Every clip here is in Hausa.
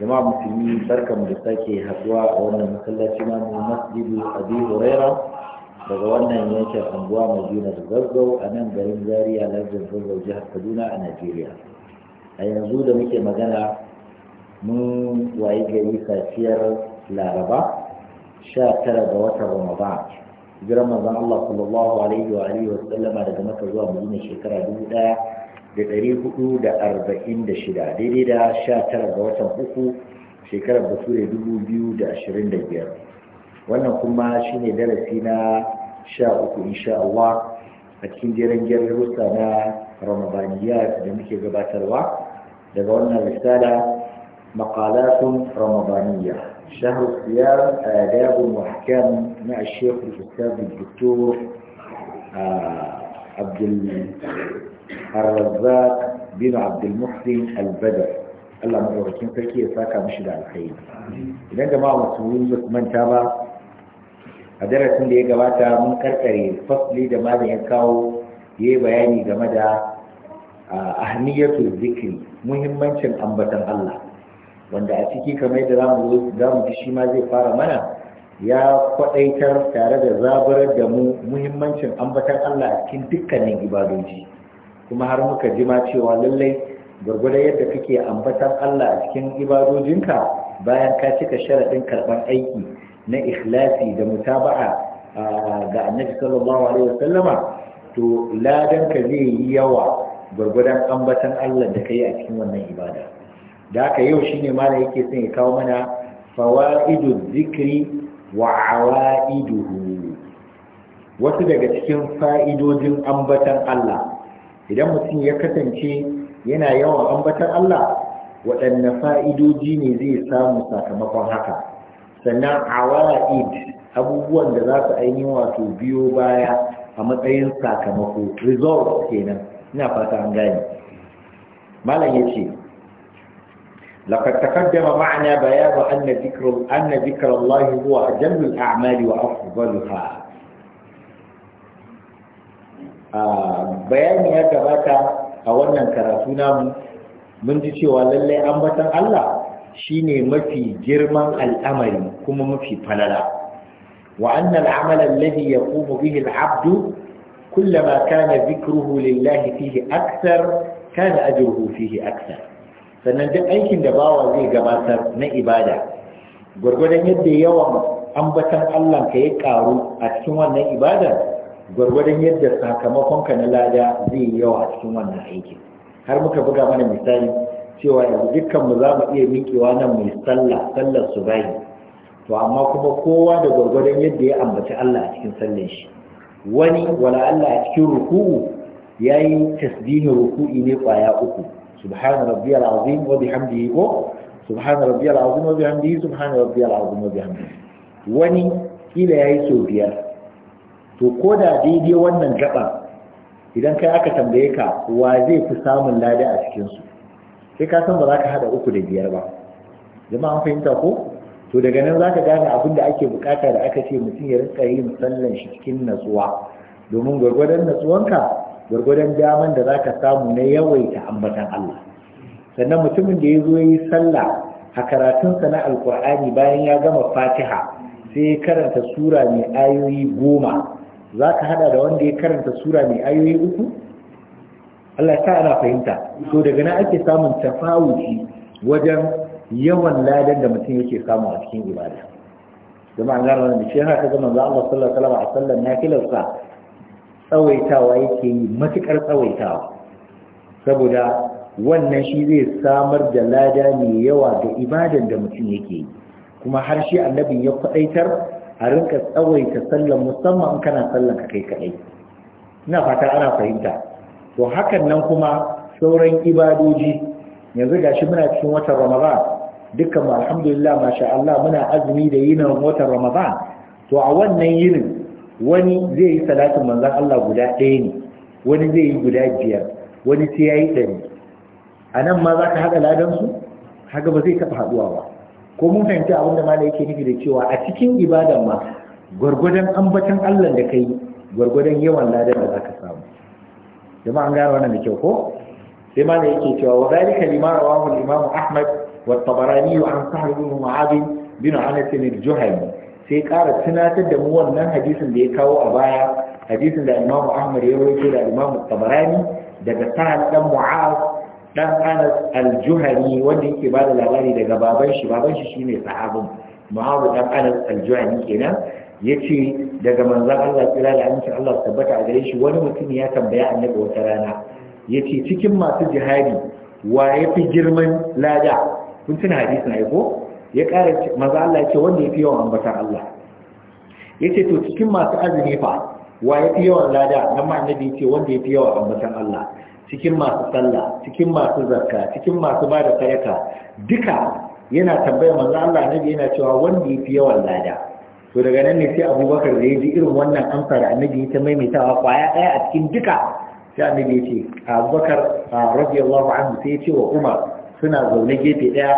jama'a musulmi barkan da sake haduwa a wannan masallaci na mu masjidu abi huraira daga wannan yankin anguwa madina da zazzau a nan garin zaria lajin zazzau jihar kaduna a najeriya a yanzu da muke magana mun wayi gari safiyar laraba sha tara ga watan ramadan hijiran manzon allah sallallahu alaihi wa alihi wa sallama daga maka zuwa madina shekara dubu ɗaya da ɗari huɗu da arba'in da shida daidai da sha tara ga watan uku shekarar bature dubu biyu da ashirin da biyar wannan kuma shine darasi na sha uku insha Allah a cikin jeren rusa na ramadaniya da muke gabatarwa daga wannan risala maqalatun ramadaniya adabun الصيام na وأحكام مع الشيخ الأستاذ الدكتور عبد الرزاق بن عبد المحسن البدر الله مدوكين sarki ya saka mishi da alkhairi idan jama'a masu ba manta ba a darasin da ya gabata mun karkare fasli da malam ya kawo ya yi bayani game da ahmiyatu zikri muhimmancin ambatan Allah wanda a ciki kamar yadda zamu zo ji shi ma zai fara mana ya kwadaitar tare da zaburar da mu muhimmancin ambatan Allah a cikin dukkanin ibadoji kuma har muka jima cewa lallai gwargwadon yadda kake ambatan Allah a cikin ibadojinka bayan ka cika sharaɗin karɓar aiki na ikhlasi da mutaba'a ga annabi sallallahu alaihi wasallama to ladan ka zai yi yawa gwargwadon ambatan Allah da kai a cikin wannan ibada da haka yau shine malam yake son ya kawo mana fawaidu zikri wa awaiduhu wasu daga cikin fa'idojin ambatan Allah idan mutum ya kasance yana yawan ambatar Allah waɗanne fa'idoji ne zai samu sakamakon haka sannan awa'id abubuwan da za su ainihin wato biyo baya a matsayin sakamako result kenan ina fata an gane malam ya ce لقد تقدم معنا بيان أن ذكر أن ذكر الله هو أجل الأعمال وأفضلها bayani ya gabata a wannan karatu namu mun ji cewa lallai ambatan Allah shine mafi girman al'amari kuma mafi falala wa annal amal alladhi yaqumu bihi al'abdu kullama kana dhikruhu lillahi fihi akthar kana ajruhu fihi akthar sannan duk aikin da bawa zai gabatar na ibada gwargwadon yadda yawan ambatan Allah ka ya karu a cikin wannan ibadar gwargwadon yadda sakamakon ka na lada zai yi yawa a cikin wannan aikin har muka buga mana misali cewa yanzu dukkan mu za mu iya miƙewa nan mai sallah sallar su bayi to amma kuma kowa da gwargwadon yadda ya ambaci Allah a cikin sallar shi wani wala Allah a cikin ruku'u yayi tasbihin ruku'i ne kwaya uku subhana rabbiyal azim wa bihamdihi ko subhana rabbiyal azim wa bihamdihi subhana rabbiyal azim wa bihamdihi wani kila yayi sau biyar to ko da daidai wannan gaba idan kai aka tambaye ka wa zai fi samun lada a cikinsu sai ka san ba za ka haɗa uku da biyar ba jama an fahimta ko to daga nan za ka gane abin da ake bukata da aka ce mutum ya rinka yin sallan shi cikin natsuwa domin gwargwadon natsuwanka gwargwadon daman da za ka samu na yawaita ambatan Allah sannan mutumin da ya zo yi sallah a karatunsa na alkur'ani bayan ya gama fatiha sai ya karanta sura mai ayoyi goma za ka hada da wanda ya karanta sura mai ayoyi uku Allah ta ana fahimta so daga nan ake samun tafawuci wajen yawan ladan da mutum yake samu a cikin ibada jama'a gane wannan da shi haka ga manzo Allah sallallahu alaihi wasallam a na nafilarsa tsawaitawa yake yi matukar tsawaitawa saboda wannan shi zai samar da lada mai yawa ga ibadan da mutum yake yi kuma har shi annabin ya faɗaitar? a rinka tsawaita sallan musamman in kana sallan ka kai kaɗai. ina fata ana fahimta to hakan nan kuma sauran ibadoji yanzu gashi muna cikin watan ramadan dukkan alhamdulillah masha Allah muna azumi da yinin watan ramadan to a wannan yinin wani zai yi salatin manzon Allah guda ɗaya ne wani zai yi guda biyar wani sai yayi ɗari a nan ma za ka haɗa su? haka ba zai taɓa haɗuwa ba ko mun fahimci abin da malai yake nufi da cewa a cikin ibadan ma gwargwadon ambaton Allah da kai gwargwadon yawan ladan da zaka samu jama'an an gane wannan da kyau ko sai malai yake cewa wa zalika lima rawahu al-imam Ahmad wa tabarani an Sahl ibn Mu'adh bin Anas bin sai kara tunatar da mu wannan hadisin da ya kawo a baya hadisin da Imam Ahmad ya rawaito da Imam Tabarani daga Sahal dan Mu'adh dan anas al-juhani wanda yake ba da labari daga baban shi baban shi shine sahabin muhammad dan anas al-juhani kenan yace daga manzon Allah tsira da aminci Allah tabbata a gare shi wani mutum ya tambaya annabi wata rana yace cikin masu jihadi wa yafi girman lada kun tuna hadisi na ko ya ƙara maza Allah ya ce wanda yafi yawan ambatar Allah yace to cikin masu azumi fa wa yafi yawan lada amma annabi yace wanda yafi yawan ambatar Allah cikin masu sallah cikin masu zakka cikin masu ba da sadaka duka yana tambayar manzo Allah nabi yana cewa wanda yafi yawan lada to daga nan ne sai Abubakar da yaji irin wannan amsar da annabi ta maimaitawa kwaya daya a cikin duka sai annabi ya ce Abubakar radiyallahu anhu sai ya ce wa Umar suna zaune gefe daya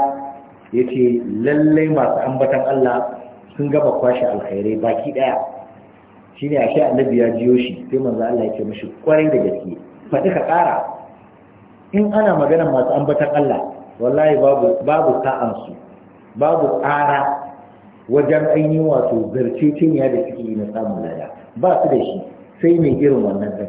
yace lalle masu ambatan Allah sun gaba kwashi alkhairai baki daya shine ashe annabi ya jiyo shi sai manzo Allah ya ce mishi kwarai da gaske faɗi ka ƙara in ana maganar masu ambatar Allah wallahi babu sa'ansu babu ƙara wajen ainihin wato zarceceniya da suke yi na samun lada ba su da shi sai mai irin wannan ɗin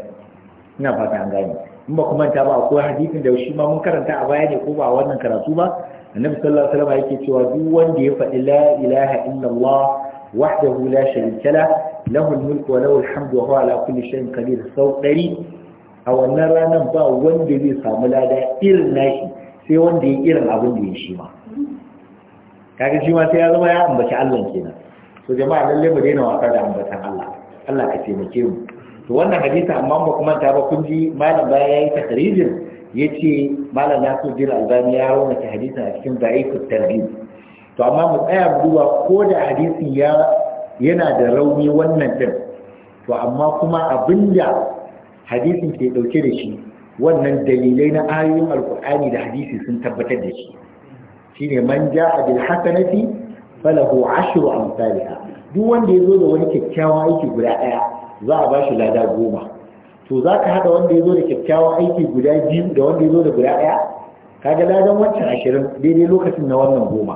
ina fata an gane in ba kuma ta ba akwai hadisin da shi ma mun karanta a baya ne ko ba wannan karatu ba annabi sallallahu alaihi wasallam yake cewa duk wanda ya faɗi la ilaha illallah wahdahu la sharika la lahu al-mulku wa lahu al-hamdu wa huwa ala kulli shay'in qadir sau 100 a wannan ranar ba wanda zai samu lada irin nashi sai wanda ya irin abin da ya shi ma kaga shi ma sai ya zama ya ambaci Allah kenan to jama'a lalle mu daina wasa da ambatan Allah Allah ka taimake mu to wannan hadisi amma ba kuma ta ba kun ji malam baya yayi ya yace malam jira Albani ya ta hadisin a cikin da'ifut tarhib to amma mu tsaya mu duba ko da hadisi ya yana da rauni wannan din to amma kuma abinda hadisin ke dauke da shi wannan dalilai na ayoyin alkur'ani da hadisi sun tabbatar da shi shine man ja'a bil hasanati falahu ashru amsalha duk wanda yazo da wani kyakkyawan aiki guda daya za a bashi lada goma to zaka hada wanda yazo da kyakkyawan aiki guda biyu da wanda yazo da guda daya kaga ladan wancan ashirin daidai lokacin na wannan goma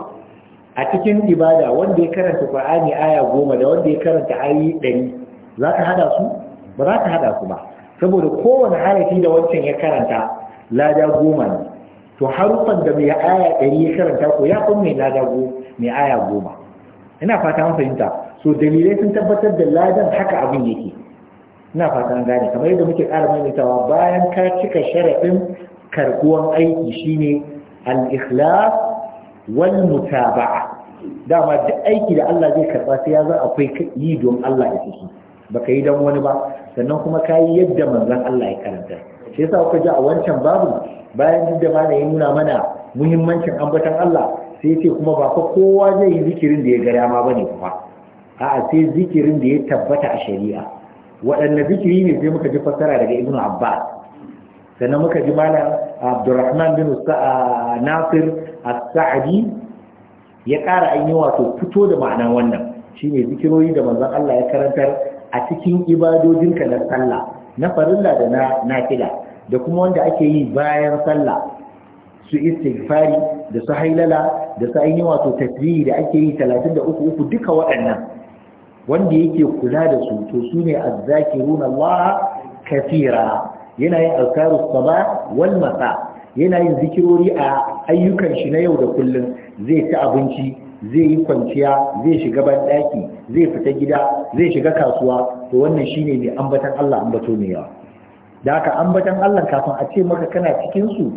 a cikin ibada wanda ya karanta qur'ani aya goma da wanda ya karanta ayi 100 zaka hada su ba za ka hada su ba saboda kowane harafi da wancan ya karanta lada goma ne to harufan da mai aya ɗari ya karanta ko ya kun mai lada mai aya goma ina fata an fahimta so dalilai sun tabbatar da ladan haka abin yake ina fata an gane kamar yadda muke ƙara maimaitawa bayan ka cika sharaɗin karɓuwan aiki shine al-ikhlas wal mutaba'a dama duk aiki da Allah zai karɓa sai ya akwai yi don Allah ya ciki baka yi don wani ba sannan kuma ka yi yadda manzon Allah ya karanta shi yasa kuka ji a wancan babu bayan duk da mana ya nuna mana muhimmancin ambatan Allah sai ce kuma ba fa kowa zai yi zikirin da ya ga ma bane kuma a'a sai zikirin da ya tabbata a shari'a waɗanne zikiri ne sai muka ji fassara daga Ibn Abbas sannan muka ji malam Abdurrahman bin Nasir As-Sa'di ya ƙara an wato fito da ma'anar wannan shine zikiroyi da manzon Allah ya karantar a cikin ibadojinka na sallah na farilla da na nafila da kuma wanda ake yi bayan sallah su istighfari da su hailala da su ainihin wato tasbihi da ake yi 33 duka waɗannan wanda yake kula da su to su ne azzakiruna Allah kafira yana yin azkarus sabah wal masa yana yin zikirori a ayyukan shi na yau da kullum zai ci abinci zai yi kwanciya zai shiga banɗaki zai fita gida zai shiga kasuwa to wannan shine mai ambatan Allah ambato mai yawa da haka ambatan Allah kafin a ce maka kana cikin su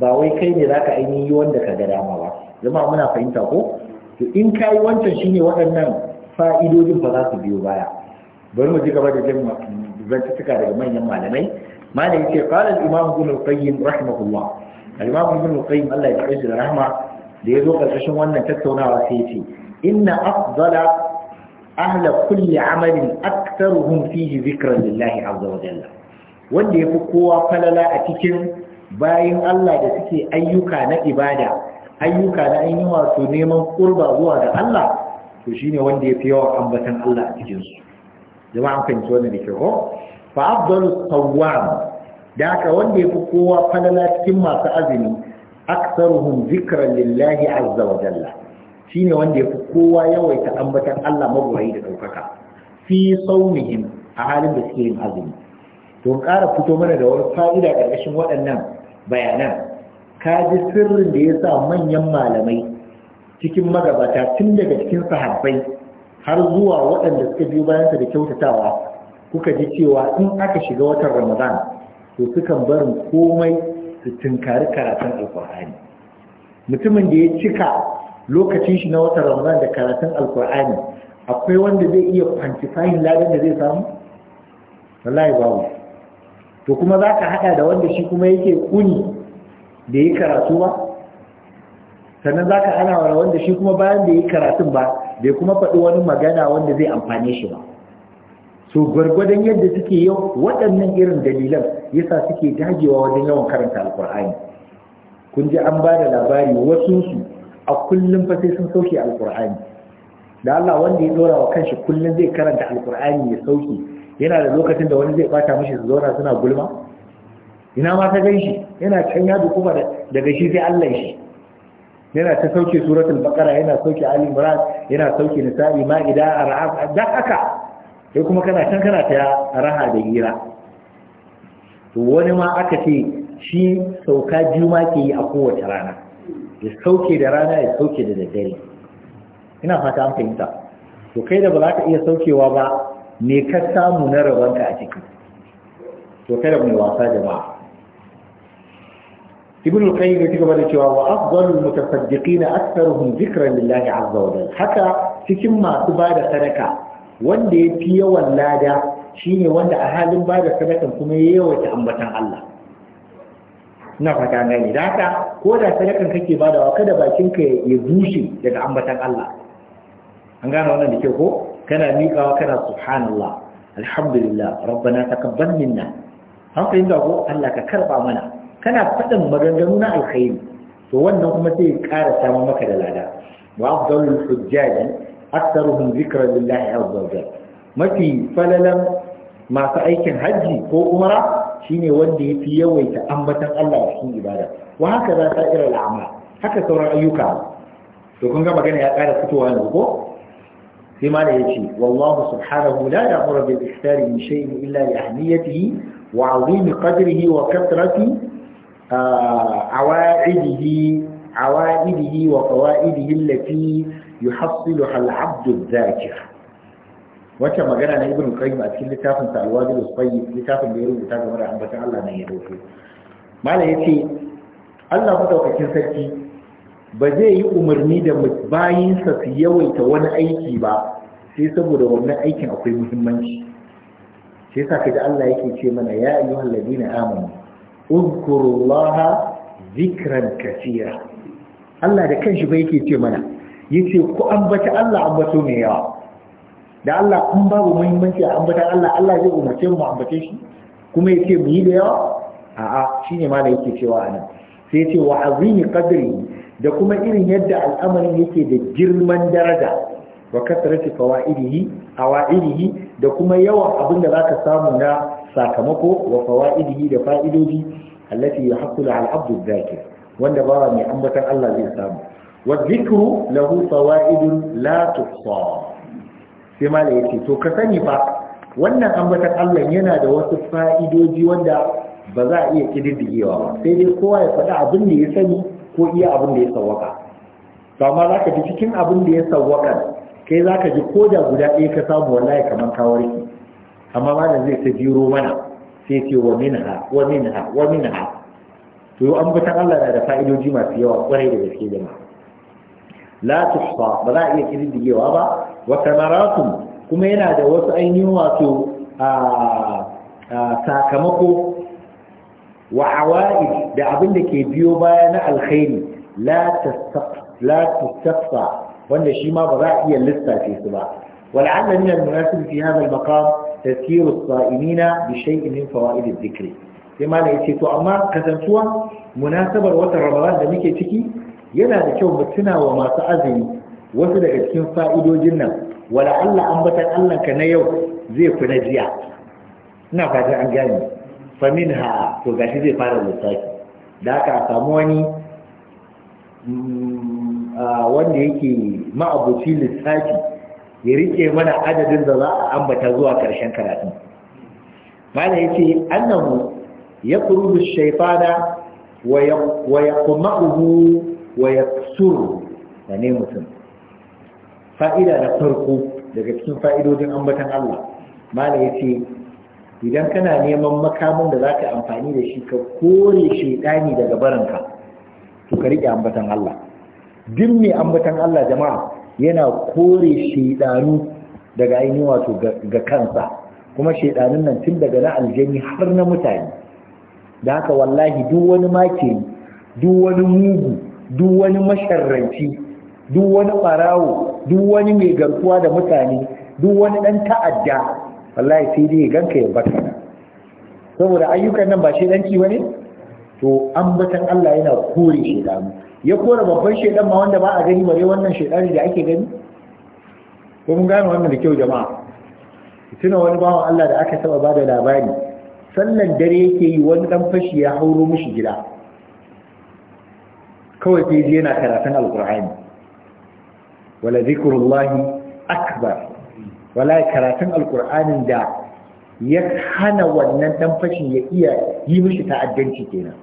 ba wai kai ne zaka ainihin yi wanda ka ga dama ba zama muna fahimta ko to in ka wancan shine waɗannan fa'idodin ba za su biyo baya bari mu ji gaba da jin daga manyan malamai malamin ce qala al-imam ibn al-qayyim rahimahullah al-imam ibn al-qayyim Allah ya ji da rahma da ya zo ƙarƙashin wannan tattaunawa sai ce inna afdala ahla kulli amalin aktaruhum fihi zikran lillahi azza wa jalla wanda yafi kowa falala a cikin bayin Allah da suke ayyuka na ibada ayyuka na ainihin wato neman kurba zuwa ga Allah to shine wanda yafi yawan ambatan Allah a cikin su jama'a an fahimci wannan da kyau fa afdalu tawwam da ka wanda yafi kowa falala cikin masu azumi aktsaruhum zikran lillahi azza wa jalla shine wanda yafi kowa yawaita ambatan Allah magwayi da daukaka fi saumihim a halin da suke yin azumi to ƙara fito mana da wani fa'ida ƙarƙashin waɗannan bayanan ka ji sirrin da ya sa manyan malamai cikin magabata tun daga cikin sahabbai har zuwa waɗanda suka biyo bayansa da kyautatawa kuka ji cewa in aka shiga watan ramadan to sukan barin komai su tunkari karatun alkur'ani mutumin da ya cika lokacin shi na wata ramadan da karatun alkur'ani akwai wanda zai iya kwantifayin ladan da zai samu wallahi babu to kuma za ka haɗa da wanda shi kuma yake kuni da yi karatu ba sannan za ka ana wanda shi kuma bayan da yi karatun ba bai kuma faɗi wani magana wanda zai amfane shi ba so gwargwadon yadda suke yau waɗannan irin dalilan yasa suke dagewa wajen yawan karanta alkur'ani kun ji an ba da labari wasu su a kullum fa sai sun sauke alkur'ani da Allah wanda ya dora wa kanshi kullum zai karanta alkur'ani ya sauke yana da lokacin da wani zai bata mishi su zauna suna gulma ina ma ta ganshi yana can ya kuma daga shi sai Allah shi yana ta sauke suratul baqara yana sauke ali imran yana sauke nisa'i ma'ida ar'af dan haka sai kuma kana can kana ta raha da hira to wani ma aka ce shi sauka biyu ke yi a kowace rana ya sauke da rana ya sauke da daddare ina fata an fahimta to kai da ba za ka iya saukewa ba me ka samu na rabonka a ciki to kai da mai wasa jama'a ibn al-qayyim ya gaba da cewa wa afdalu mutasaddiqina aktharuhum dhikran lillahi azza wa jalla haka cikin masu bada sadaka wanda ya fi yawan lada shine wanda a halin ba da sadakan kuma ya yawaita ambatan Allah na fata gani da haka ko da sadakan kake badawa kada bakinka ya bushe daga ambatan Allah an gane wannan da ke ko kana miƙawa kana subhanallah alhamdulillah rabbana taqabbal minna an fahimta ko Allah ka karba mana kana faɗin maganganu na alkhairi to wannan kuma sai ya ƙara samun maka da lada wa afdalul hujjaji aktaruhum zikra lillahi azza mafi falalan masu aikin hajji ko umara shine wanda ya fi yawaita ambatan Allah a cikin ibada wa haka za ta ira al'amal haka sauran ayyuka to kun ga magana ya ƙara fitowa ne ko sai ma da yace wallahu subhanahu la ya'muru bil ihtari min shay'in illa li ahmiyatihi wa 'azimi qadrihi wa kathrati awaidihi awaidihi wa fawaidihi allati yuhassilu al-abdu dhakir magana na ibn qayyim a cikin littafin sa al-wajib al-tayyib littafin da ya rubuta game da ambatan Allah ne ya dauke malam yace Allah madaukakin sarki ba zai yi umarni da bayinsa su yawaita wani aiki ba sai saboda wannan aikin akwai muhimmanci sai sa kaji Allah yake ce mana ya ayyuhal ladina amanu uzkurullaha zikran kaseera Allah da kanshi ba yake ce mana yace ku ambaci Allah ambato mai yawa da Allah kun babu muhimmanci a ambatan Allah Allah zai umarce mu ambace shi kuma yace mu yi da yawa a'a shine ma da yake cewa anan sai yace wa azimi qadri da kuma irin yadda al'amarin yake da girman daraja wa kasarati fawaidihi awaidihi da kuma yawan abin da zaka samu na sakamako wa fawaidihi da fa'idoji allati yahqulu al-abdu dhakir wanda bawa mai ambatan Allah zai samu والذكر له فوائد لا تحصى sai mala ya ce to ka sani fa wannan ambatan Allah yana da wasu fa'idoji wanda ba za a iya kididdigewa ba sai dai kowa ya faɗi abin da ya sani ko iya abin da ya sawwaka to amma za ka ji cikin abin da ya sawwaka kai za ka ji ko da guda ɗaya ka samu wallahi kamar ka warke amma malam zai ta jiro mana sai ce wa minha wa minha wa minha to ambatan Allah na da fa'idoji masu yawa kwarai da gaske jama'a la tuhsa ba za a iya kididdigewa ba wa tamaratun kuma yana da wasu ainihin wato sakamako wa awa'id da abin da ke biyo baya na alkhairi la tastaqsa wanda shi ma ba za a iya lissafe su ba wal'alla min al-munasib fi hadha al-maqam tazkir saimina bi shay'in min fawaid adh-dhikr sai ma ce to amma kasantuwa munasabar watan ramadan da muke ciki yana da kyau mu tuna wa masu azumi wasu daga cikin fa'idojin nan wala Allah ambatan Allah ka na yau zai fi na jiya ina fatan an gane famin to gashi zai fara lissafi da aka samu wani mm, ah, wanda yake ma'abuci lissafi ya rike mana adadin da za a ambata zuwa karshen karatun mana yace annahu yakrubu ash-shaytana wa yaqma'uhu wa da ne mutum fa'ida na farko daga cikin fa'idodin ambatan Allah malam yace idan kana neman makamin da zaka amfani da shi ka kore shedani daga baranka to ka riƙe ambatan Allah duk mai ambatan Allah jama'a yana kore shedanu daga ainihin wato ga kansa kuma shedanun nan tun daga na aljani har na mutane da haka wallahi duk wani maki duk wani mugu duk wani masharranci duk wani farawo duk wani mai garkuwa da mutane duk wani ɗan ta'adda wallahi sai dai ganka ya baka saboda ayyukan nan ba shedanci ba ne to ambatan Allah yana kore shedanu ya kore babban shedan ma wanda ba a gani bare wannan shedan da ake gani ko mun gane wannan da kyau jama'a tuna wani bawan Allah da aka saba bada labari sallan dare yake yi wani dan fashi ya hauro mishi gida kawai sai ji yana karatun alkur'ani wala zikrullahi akbar wala karatun alkur'anin da ya hana wannan dan fashin ya iya yi mishi ta'addanci kenan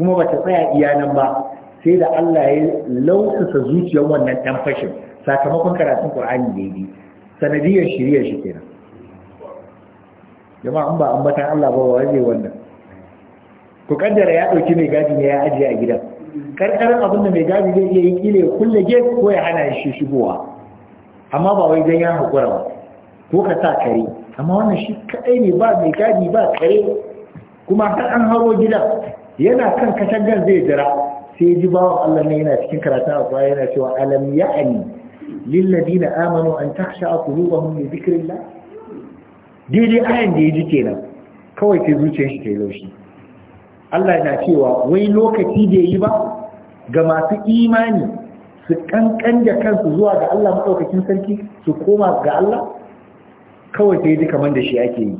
kuma ba ta tsaya iya nan ba sai da Allah ya lausasa zuciyar wannan dan fashin sakamakon karatun Qur'ani da yi sanadiyar shiriyar shi kenan jama'a an ba ambatan Allah ba wa wannan ku kaddara ya dauki mai gadi ne ya ajiye a gidan karkarar abin da mai gadi zai iya yi kila ya kulle gate ko ya hana shi shigowa amma ba wai don ya hakura ba ko ka sa kare amma wannan shi kaɗai ne ba mai gadi ba kare kuma har an haro gida yana kan katangar zai jira sai ji bawan Allah ne yana cikin karatun akwai yana cewa alam ya'ani na amanu an takhsha qulubuhum li dhikrillah daidai ayan da ya ji kenan kawai sai zuciyar shi laushi Allah na cewa wai lokaci da yi ba ga masu imani su kankan da kansu zuwa ga Allah maɗaukakin sarki su koma ga Allah kawai sai duka man da shi ake yi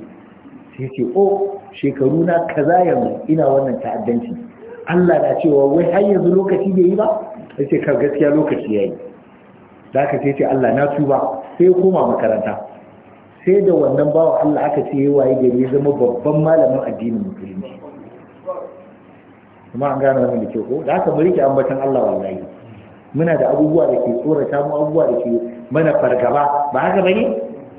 sai ce o oh, shekaru na kaza yanzu ina wannan ta'addanci Allah na cewa wai har yanzu lokaci da yi ba sai ce kar gaskiya lokaci ya yayi zaka sai ce Allah na tuba sai ya koma makaranta sai da wannan bawan Allah aka ce ya waye gari zama babban malamin addinin musulunci kuma an gane wani da ke ko da aka mu rike ambatan Allah wallahi muna da abubuwa da ke tsorata mu abubuwa da ke mana fargaba ba haka bane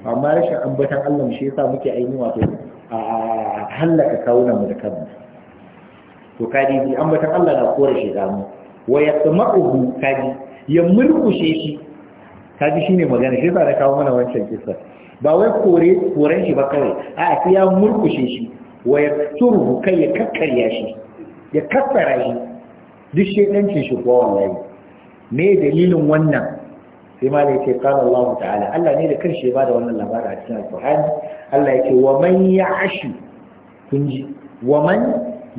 amma rashin ambatan Allah shi yasa muke aini wato a hallaka kawunan mu da kanmu to kadi bi ambatan Allah na kore shi da mu wa yasma'uhu kadi ya murkushe shi kadi shine magana shi yasa na kawo mana wancan kissa ba wai kore koren shi ba kawai a'a sai ya murkushe shi wa yasuru kai ya kakkarya shi ya kassara yi duk shaidancin shi kuwa wallahi me dalilin wannan sai ma da yake kana Allah ta'ala Allah ne da karshe ba da wannan labari a cikin alqur'ani Allah ya ce, wa man ya'ashu kun ji wa man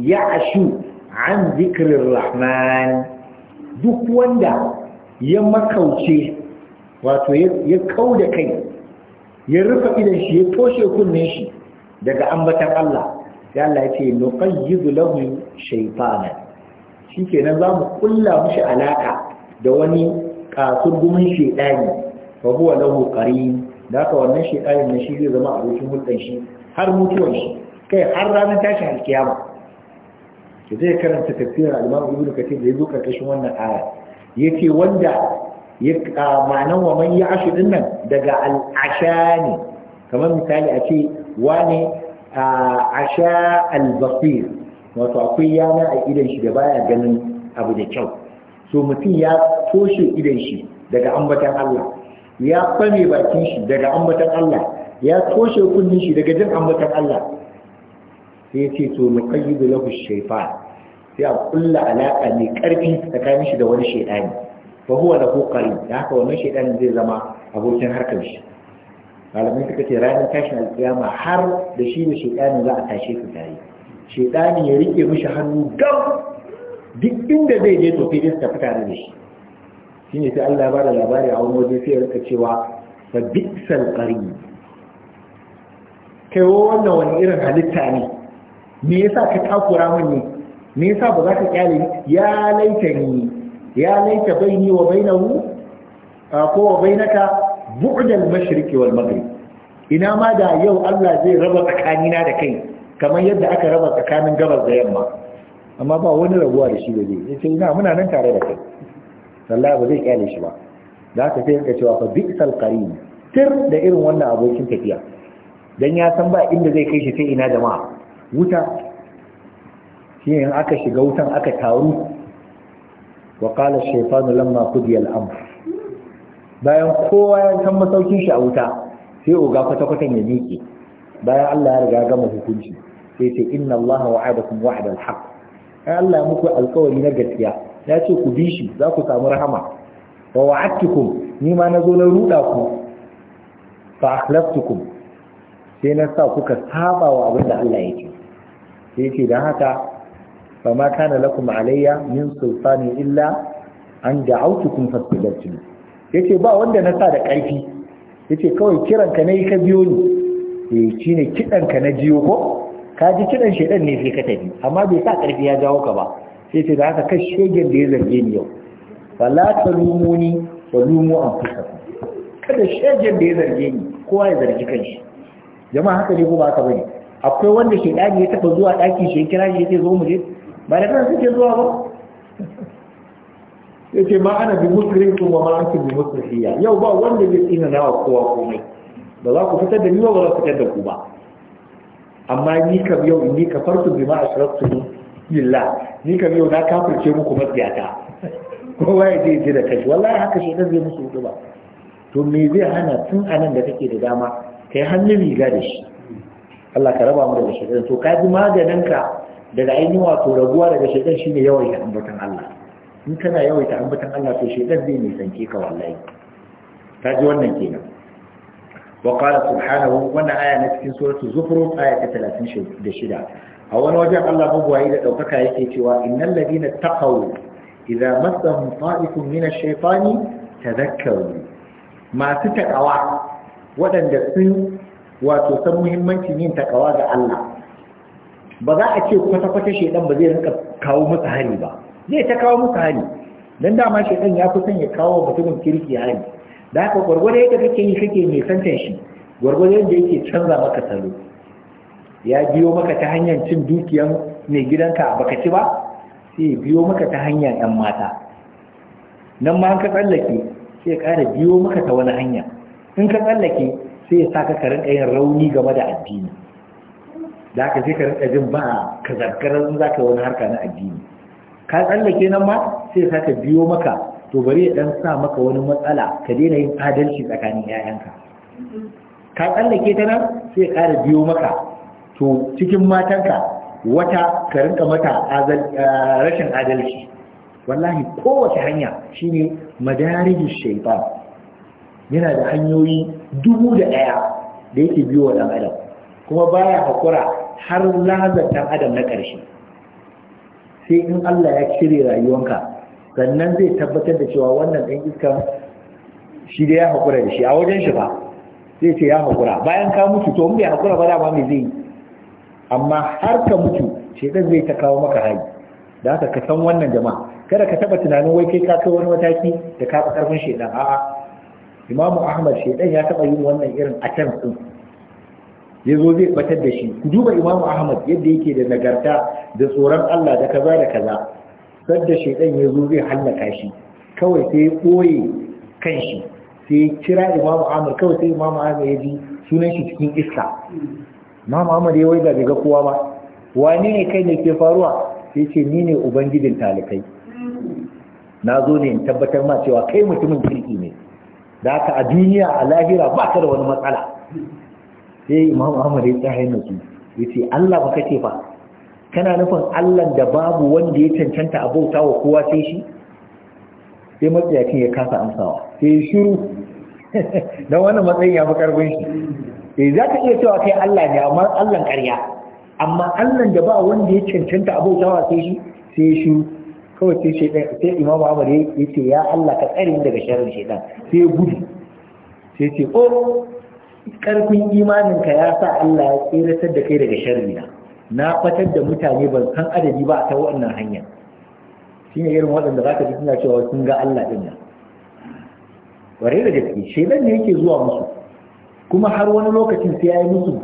ya'ashu an zikirin rahman duk wanda ya makauce wato ya kau da kai ya rufe idan shi ya toshe kunnen shi daga ambatan Allah Yalla Allah ya ce nuqayyidu lahu shaytana shikenan za mu kulla mushi alaka da wani kasurgumin shedani fa huwa lahu qarin da haka wannan shedanin ne shi zai zama abokin hulɗar shi har mutuwar shi kai har ranar tashin alkiyama ke zai karanta tafsirin al-Imam Ibn Kathir da yazo karkashin wannan aya yace wanda ya ma'anan wa man ya'shu dinnan daga al-ashani kamar misali a ce wane a asha al-basir wato akwai yana a idan shi da baya ganin abu da kyau so mutum ya toshe idan shi daga ambatan Allah ya fame bakin shi daga ambatan Allah ya toshe kunnin shi daga jin ambatan Allah sai ya ce to muqayyidu lahu shaytan sai a kulla alaka mai karfi tsakanin shi da wani shaytani fa huwa lahu qarin da haka wannan shaytanin zai zama abokin harkar shi malamai suka ce ranar tashin alkiyama har da shi da shekani za a tashe ku tare shekani ya rike mishi hannu gam duk inda zai je to sai ta fita da shi shine sai Allah ba da labari a wani waje sai ya rika cewa fa bi'sal qarin kai wannan wani irin halitta ne me yasa ka takura min ne me yasa ba za ka kyale ni ya laita ni ya laita baini wa bainahu ko wa bainaka bu'dal mashriqi wal maghrib ina ma da yau Allah zai raba tsakanina da kai kamar yadda aka raba tsakanin gabas da yamma amma ba wani rabuwa da shi da zai ce ina muna nan tare da kai sallah ba zai kyale shi ba da aka sai ka cewa fa bi'sal qarin tir da irin wannan abokin tafiya dan ya san ba inda zai kai shi sai ina jama'a wuta shi in aka shiga wutan aka taru wa qala shaytanu lamma qudiya al-amr bayan kowa ya san masaukin shi a wuta sai oga kwata-kwatan ya miƙe bayan Allah ya riga gama hukunci sai ce inna Allah wa'adakum wa'ada al-haq ai Allah ya muku alƙawari na gaskiya ya ce ku bi shi za ku samu rahama wa wa'adtukum ni ma na zo na ruda ku fa akhlaftukum sai na sa kuka saba wa abin da Allah ya ce sai ce dan haka fa ma kana lakum alayya min sultani illa an da'awtukum fastajabtum Ya ce ba wanda na sa da ƙarfi ce kawai kiran ka yi ka biyo ni eh shine kidan ka na jiyo ko ka ji kiɗan shedan ne sai ka tafi amma bai sa ƙarfi ya jawo ka ba sai ce da haka kan shegen da ya zarge ni yau fala talumuni wa an anfusakum kada shegen da ya zarge ni kowa ya zargi kanshi jama'a haka ne ko ba haka ne? akwai wanda shedani ya taba zuwa daki shi ya kira shi yace zo mu je ba da kan suke zuwa ba yace ma ana bi muslimin wa ma antum bi ya yau ba wanda zai tsina nawa kowa komai ba za ku fitar da ni ba ba za ku fitar da ku ba amma ni kam yau ni ka kafartu shirar ashraktu billah ni kam yau na kafirce muku matsiyata kowa ya je da kashi wallahi haka shi zai musu hudu ba to me zai hana tun anan da take da dama kai hannun riga da shi Allah ka raba mu daga shaitan to ka ji maganinka daga ainihin wato raguwa daga shi shine yawan ambatan Allah in kana yawaita ambatan Allah to shedan zai nisanke ka wallahi ta ji wannan kenan wa qala subhanahu wannan aya na cikin suratul zukhruf aya ta 36 a wani wajen Allah bugwaye da daukaka yake cewa innal ladina taqaw idza massahum ta'ifun min ash-shaytani tadhakkaru masu takawa wadanda sun wato san muhimmancin yin takawa ga Allah ba za a ce kwata-kwata shedan ba zai rinka kawo musu hari ba zai ta kawo musu hari dan dama ɗan ya fi son ya kawo mutumin kirki hari da haka gwargwado yadda kake yi kake mai santan shi gwargwado yadda yake canza maka salo ya biyo maka ta hanyar cin dukiyan mai gidanka baka ci ba sai biyo maka ta hanyar ɗan mata nan ma ka tsallake sai ya ƙara biyo maka ta wani hanya in ka tsallake sai ya saka ka rinka yin rauni game da addini da haka sai ka rinka jin ba ka zarkarar in za ka wani harka na addini ka tsallake nan ma sai ka biyo maka to bari ya dan sa maka wani matsala ka daina yin adalci tsakanin 'ya'yanka ka tsallake ta nan sai ƙara biyo maka to cikin matanka wata ka rinka mata eh, rashin adalci wallahi kowace hanya shine madarijin shaitan yana da hanyoyi dubu da ɗaya da yake biyo wa ɗan adam kuma baya hakura har lazar ɗan adam na ƙarshe sai in Allah ya cire rayuwanka sannan zai tabbatar da cewa wannan ɗan iska shi da ya haƙura da shi a wajen shi ba zai ce ya haƙura bayan ka mutu to bai haƙura ba dama mai zai amma har ka mutu shaidan zai ta kawo maka hari da haka ka san wannan jama'a kada ka taba tunanin wai kai ka kai wani mataki da ka fi karfin shaidan a'a imamu ahmad shaidan ya taba yin wannan irin attempt ɗin ya zo zai batar da shi ku duba imamu ahmad yadda yake da nagarta da tsoron allah da kaza da kaza sadda shaidan ya zo zai hallaka shi kawai sai ya ɓoye kan shi sai ya kira imamu ahmad kawai sai imamu ahmad ya ji sunan shi cikin iska imamu ahmad ya waiga daga kowa ba wane ne kai ne ke faruwa sai ce ni ne ubangijin talikai na zo ne in tabbatar ma cewa kai mutumin kirki ne da haka a duniya a lahira ba ka da wani matsala sai imam ahmad ya tsaye yana ya ce allah ba kake ba kana nufin allah da babu wanda ya cancanta a bauta wa kowa sai shi sai matsayakin ya kasa amsawa sai ya shiru don wannan matsayin ya fi karfin shi sai eh, za ka iya cewa kai allah ne amma allah karya amma allah da ba wanda ya cancanta a bauta wa sai shi sai ya shiru kawai sai shaidan sai imam ahmad ya ce ya allah ka tsare daga sharrin shaidan sai ya gudu sai ce oh ƙarfin imaninka ya sa Allah ya tseratar da kai daga sharrina na fatar da mutane ban san adadi ba a ta wannan hanya shi ne irin waɗanda za ka fi suna cewa sun ga Allah ɗin nan ware da gaske shaidan ne yake zuwa musu kuma har wani lokacin sai ya yi musu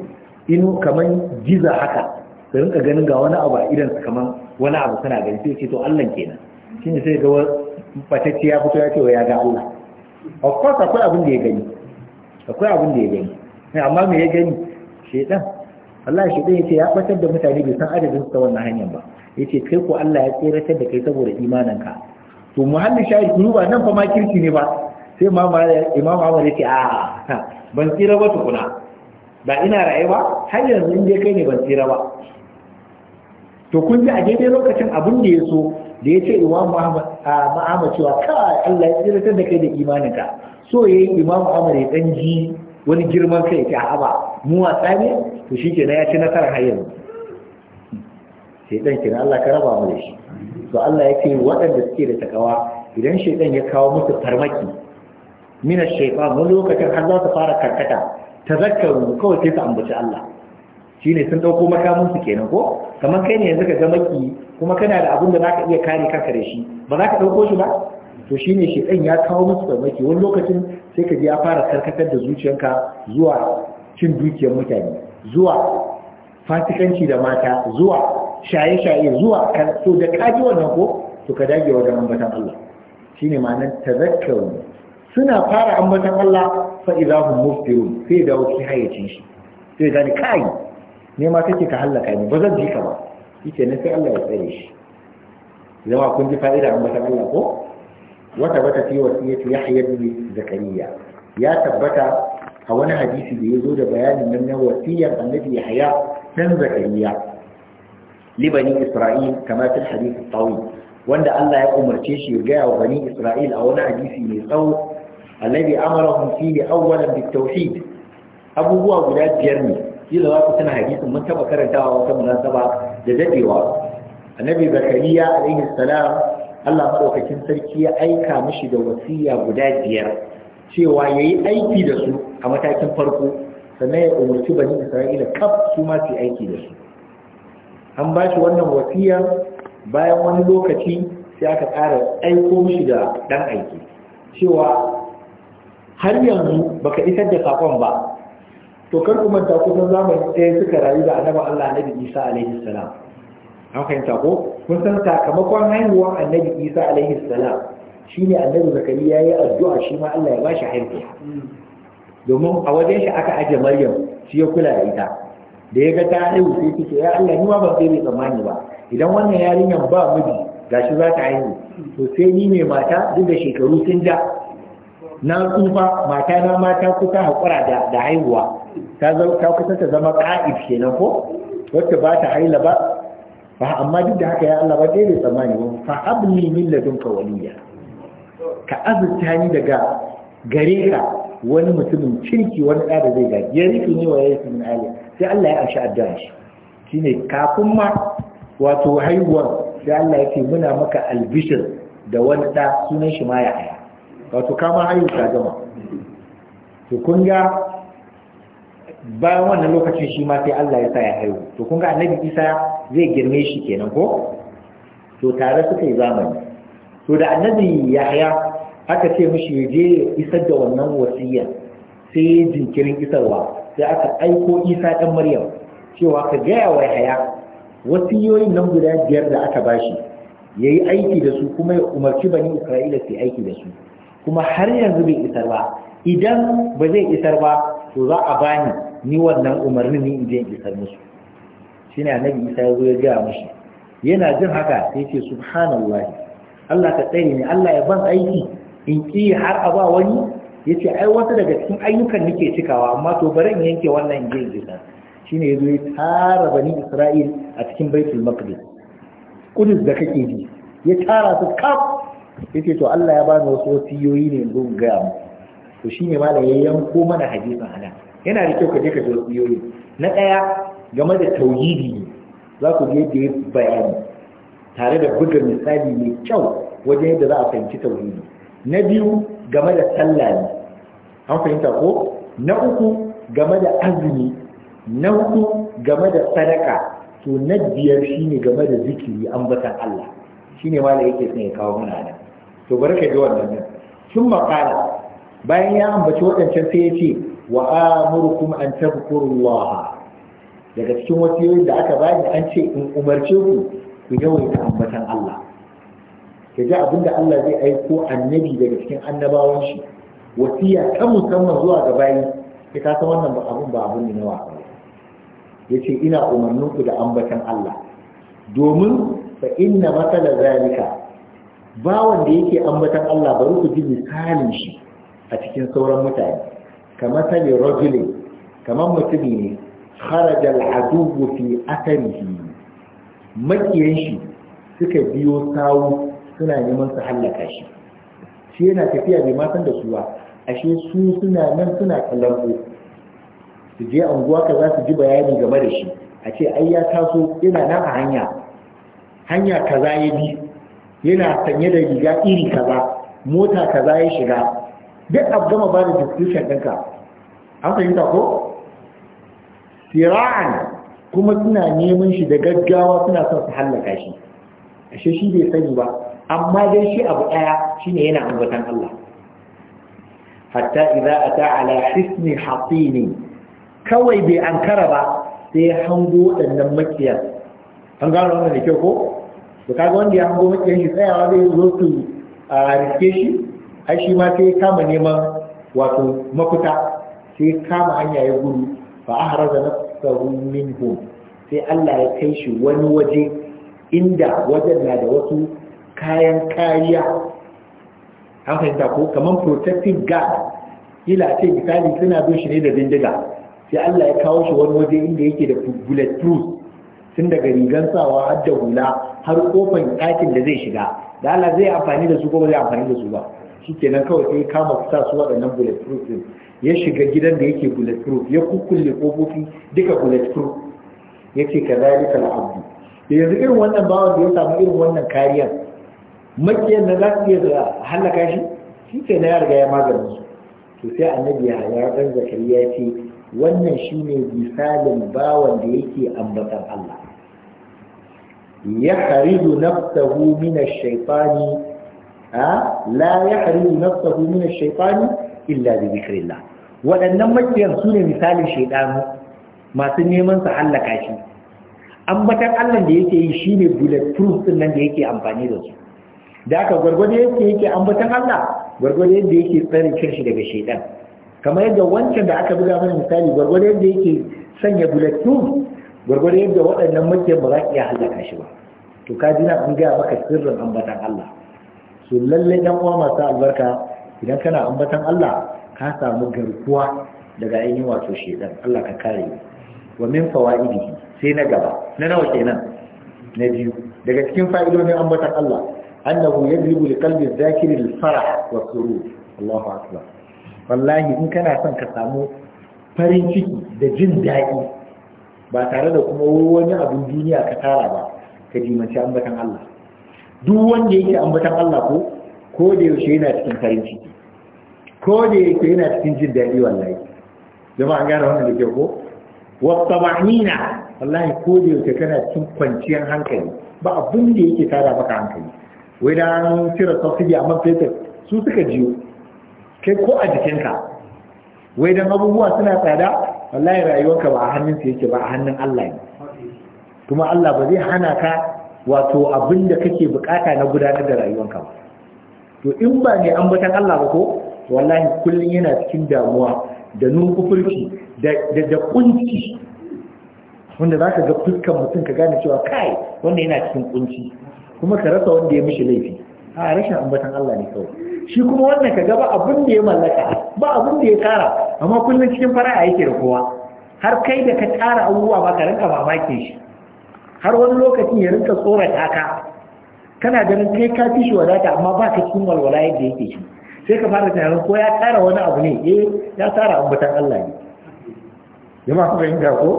inu kamar giza haka su rinka ganin ga wani abu a su, kamar wani abu suna gani sai ce to Allah kenan shi ne sai ga wani ya fito ya ce ya ga Allah of course akwai abin da ya gani akwai abin da ya gani eh, amma me ya gani shaidan Allah shaidan yace ya batar da mutane bai san adadin su ta wannan hanyar ba yace kai ko Allah ya tseratar da kai saboda imaninka to muhallin shahid ba nan fa ma kirki ne ba sai imam ya ce a ban tsira ba tukuna ba ina rayuwa har yanzu in dai kai ne ban tsira ba to kun ji a daidai lokacin abin da ya so da ya ce imamu ahmad cewa kawai, Allah ya tsiratar da kai da imaninka so ya yi imamu Muhammad ya ɗan ji wani girman kai ta haɓa mu wasa ne to shi na ya ci nasarar har yanzu shaidan kenan Allah ka raba mu da shi to Allah ya ce waɗanda suke da takawa idan shaidan ya kawo musu farmaki mina shaifa mun lokacin har za su fara karkata Ta zakkaru kawai sai su ambaci Allah Shi ne sun ɗauko makamin kenan ko kamar kai ne yanzu ka ga ki kuma kana da abin da zaka iya kare kanka da shi ba za ka ɗauko shi ba to shi ne shi ɗan ya kawo musu farmaki wani lokacin sai ka ji ya fara karkatar da zuciyanka zuwa cin dukiyar mutane zuwa fasikanci da mata zuwa shaye-shaye zuwa kan so da kaji wannan ko to ka dage wajen ambatan Allah ne ma'anar tazakkaru suna fara ambatan Allah fa idahum muftirun sai da cikin hayyacin shi sai gani kai nema kake ka halaka ni ba zan ji ka ba yake ne sai Allah ya tsare shi zama kun ji fa'ida an bata Allah ko wata bata fi wasiyatu Yahya ibn Zakariya ya tabbata a wani hadisi da yazo da bayanin nan na wasiyar Annabi Yahya dan Zakariya libani Isra'il kama fil hadith tawil wanda Allah ya umarce shi ya gaya bani Isra'il a wani hadisi mai tsawo alladhi amarahum fihi awwalan bit tauhid abubuwa guda biyar ne kila za ku tana hadisin mun taba karantawa wata munasaba da dadewa annabi zakariya alaihi salam Allah madaukakin sarki ya aika mishi da wasiya guda biyar cewa yayi aiki da su a matakin farko sannan ya umarci bani isra'ila kaf su ma su aiki da su an ba shi wannan wasiya bayan wani lokaci sai aka ƙara aiko mishi da ɗan aiki cewa har yanzu baka isar da sakon ba to kar ku manta kusan zamani ɗaya suka rayu da annabi Allah annabi Isa alaihi salam an fahimta ko kun san sakamakon haihuwar annabi Isa alaihi salam shine annabi Zakariya ya addu'a shi ma Allah ya bashi haihuwa domin a wajen shi aka aje Maryam shi ya kula da ita da ya ga ta haihu sai kike ya Allah ni ma ban sai bai tsammani ba idan wannan yarinyar ba miji gashi za ta haihu to sai ni mai mata duk da shekaru sun ja na tsufa mata na mata kusa haƙura da haihuwa ta ta kusa ta zama ƙa'if kenan ko wacce ba ta haila ba fa amma duk da haka ya Allah ba dai bai tsammani ba fa habli min ladunka waliya ka azurta ni daga gare ka wani mutumin kirki wani ɗa da zai ga ya rike ne wa ya yi min sai Allah ya amshi addu'a shi shine kafin ma wato haihuwar sai Allah ya ce muna maka albishir da wani ɗa sunan shi ma ya haya wato kama haihu ta gama to kun ga bayan wannan lokacin shi ma sai Allah ya sa ya haihu to kun ga annabi Isa zai girme shi kenan ko to tare suka yi zamani to da annabi Yahya aka ce mishi ya je isar da wannan wasiyya sai jinkirin isarwa sai aka aiko Isa dan Maryam cewa ka gaya wa Yahya wasiyoyin nan guda biyar da aka bashi yayi aiki da su kuma ya umarci bani Isra'ila su aiki da su kuma har yanzu bai isar ba idan ba zai isar ba to za a bani ni wannan umarnin ne in je in isar musu shi ne annabi isa ya zo ya gaya mushi yana jin haka sai ce subhanallah Allah ka tsare ni Allah ya ban aiki in ki har a ba wani yace ai wasu daga cikin ayyukan nake cikawa amma to bari in yanke wannan in je in isar shine yazo ya tara bani Isra'il a cikin Baitul Maqdis Kudus da kake ji ya tara su kaf yace to Allah ya bani wasu wasiyoyi ne in zo in gaya mu to shine malam ya yanko mana hadisin anan yana da kyau ka je ka zo tsiyoyi na ɗaya game da tauhidi ne za ku je da bayani tare da buga misali mai kyau wajen yadda za a fahimci tauhidi na biyu game da sallah ne an fahimta ko na uku game da azumi na hudu game da sadaka to na biyar shine game da zikiri ambatan Allah shine ma da yake son ya kawo mana nan to barka ji wannan nan sun makala bayan ya ambaci waɗancan sai ya ce wa amurkum an tadhkurullah daga cikin wasiyoyin da aka bani an ce in umarce ku ku yawaita ambatan Allah ka ji abin da Allah zai aiko annabi daga cikin annabawan shi wasiya ta musamman zuwa ga bayi sai ka san wannan ba abun ba abun ne na wasa ya ce ina umarnin ku da ambatan Allah domin fa inna matsalar zalika bawan da yake ambatan Allah bari ku ji misalin shi a cikin sauran mutane kamar sani rajulin kamar mutumi ne kharajal adubu fi akarihi makiyan shi suka biyo sawu suna neman su hallaka shi shi yana tafiya bai ma san da suwa ashe su suna nan suna kallon su je anguwa ka za su ji bayani game da shi a ce ai ya taso yana nan a hanya hanya kaza ya bi yana sanye da riga iri kaza mota kaza ya shiga duk abu gama ba da description ɗinka an fahimta ko sira'an kuma suna neman shi da gaggawa suna son su hallaka shi ashe shi bai sani ba amma dai shi abu ɗaya shine yana ambatan Allah hatta idza ata ala hisni hatini kawai bai ankara ba sai hango waɗannan makiyar an gano wannan da kyau ko to kaga wanda ya hango makiyar shi tsayawa zai zo su a riske shi ai shi ma sai ya kama neman wato mafita sai ya kama hanya ya gudu fa ahraza nafsahu minhum sai Allah ya kai shi wani waje inda wajen na da wasu kayan kariya an fahimta ko kaman protective guard kila ce misali suna bin shi ne da bindiga sai Allah ya kawo shi wani waje inda yake da bulletproof tun daga rigan sawa har da hula har kofan ɗakin da zai shiga da Allah zai amfani da su ko ba zai amfani da su ba shikenan kawai sai ya kama fita su waɗannan bulletproof din ya shiga gidan da yake bulletproof ya kukkulle kofofi duka bulletproof ya ce ka zalika al'abdu yanzu irin wannan bawan da ya samu irin wannan kariyar makiyan na za su iya da halaka shi shi ke na ya ya maganin su to sai annabi ya ya dan zakariya ya ce wannan shine misalin bawan da yake ambatar Allah ya kharidu nafsahu min ash-shaytani la yahrimu nafsahu min ash-shaytani illa bi dhikrillah waɗannan makiyan su ne misalin shaidanu masu neman su hallaka shi ambatan Allah da yake yi shine bullet proof din nan da yake amfani da su da aka gwargwado yake yake ambatan Allah gwargwado yadda yake tsare kirshi daga shaidan kamar yadda wancan da aka buga mana misali gwargwado yadda yake sanya bullet proof, gwargwado yadda waɗannan makiyan ba za su iya hallaka shi ba to ka ji an gaya maka sirrin ambatan Allah to lalle ɗan uwa masu albarka idan kana ambatan Allah ka samu garkuwa daga ainihin wato shedan Allah ka kare wa min fawaidihi sai na gaba na nawa kenan na biyu daga cikin fa'idodin ambatan Allah annahu ya liqalbi adh-dhakiri al-farah wa surur Allahu akbar wallahi in kana son ka samu farin ciki da jin daɗi ba tare da kuma wani abin duniya ka tara ba ka dimanci ambatan Allah duk wanda yake ambatan Allah ko ko da yaushe yana cikin farin ciki ko da yake yana cikin jin daɗi wallahi jama'a gane wannan da ke ko tabahina wallahi ko da yaushe kana cikin kwanciyar hankali ba abin da yake tara maka hankali wai da an cire subsidy amma fetur su suka jiyo kai ko a jikinka wai dan abubuwa suna tsada wallahi rayuwarka ba a hannunsu yake ba a hannun Allah ne kuma Allah ba zai hana ka wato abin da kake bukata na gudanar da rayuwanka to in ba ne ambatan Allah ba ko wallahi kullun yana cikin damuwa da nunkufurci da da kunci wanda za ka ga fuskan mutum ka gane cewa kai wanda yana cikin kunci kuma ka rasa wanda ya mishi laifi a rashin ambatan Allah ne kawai shi kuma wannan ka ba abin da ya mallaka ba abin da ya kara amma kullun cikin fara'a yake da kowa har kai da ka tsara abubuwa ba ka rinka mamakin shi har wani lokaci ya rinka tsorata ka kana ganin kai ka fi shi wadata amma ba ka cikin walwala yadda yake shi sai ka fara tunanin ko ya tsara wani abu ne eh ya tsara ambatan Allah ne jama'a kuma yin ko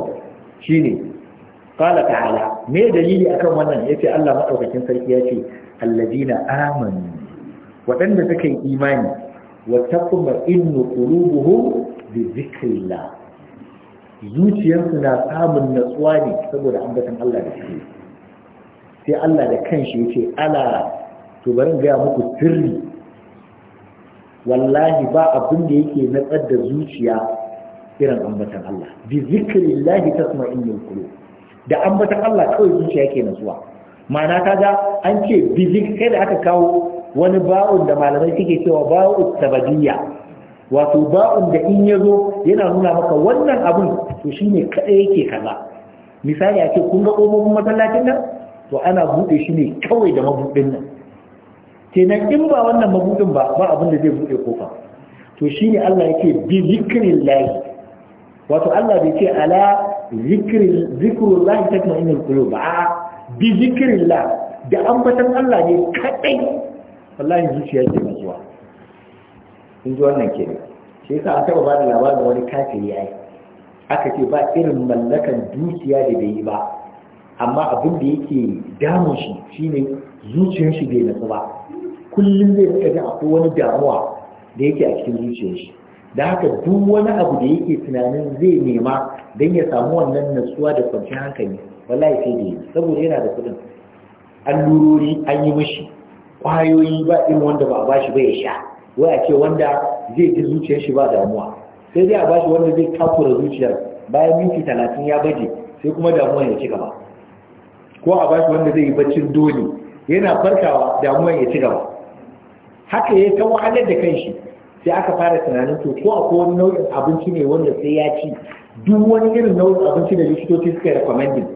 shine qala ta'ala me dalili akan wannan yace Allah madaukakin sarki yace alladina amanu waɗanda suka yi imani wa taqma innu qulubuhum bi dhikrillah zuciyarsu na samun natsuwa ne saboda ambatan Allah da suke sai Allah da kanshi yace ala to bari gaya muku sirri wallahi ba abin da yake natsar da zuciya irin ambatan Allah bi tasma tasma'innul qulub da ambatan Allah kawai zuciya yake natsuwa ma'ana kaga an ce bi zikr da aka kawo wani ba'un da malamai suke cewa ba'u tabadiyya wato ba'un da in ya zo yana nuna maka wannan abun to shi ne kaɗai yake kaza misali a ce kun ga ƙofofin masallacin nan to ana buɗe shi ne kawai da mabuɗin nan kenan in ba wannan mabuɗin ba ba abin da zai buɗe kofa to shi ne Allah yake bi zikirin lahi wato Allah bai ce ala zikirin zikirin lahi ta kuma inin kulo ba a bi zikirin la da ambatan Allah ne kaɗai wallahi zuciya ce sun ji wannan kenan shi yasa an taba bada labarin wani kafiri yi. aka ce ba irin mallakan dukiya da bai yi ba amma abin da yake damun shi shine zuciyar shi bai natsu ba kullum zai rika jin akwai wani damuwa da yake a cikin zuciyar shi da haka duk wani abu da yake tunanin zai nema don ya samu wannan natsuwa da kwanciyar hankali wallahi sai da yi saboda yana da kuɗin allurori an yi mishi Ƙwayoyi ba irin wanda ba a bashi ba ya sha waya ce wanda zai ji zuciyar shi ba damuwa sai dai a bashi wanda zai takura zuciyar bayan minti talatin ya baje sai kuma damuwa ya ci gaba ko a bashi wanda zai yi baccin dole yana farkawa damuwa ya ci gaba haka ya ta wahalar da shi, sai aka fara tunanin to ko akwai wani nau'in abinci ne wanda sai ya ci duk wani irin nau'in abinci da likitoci suka yi recommending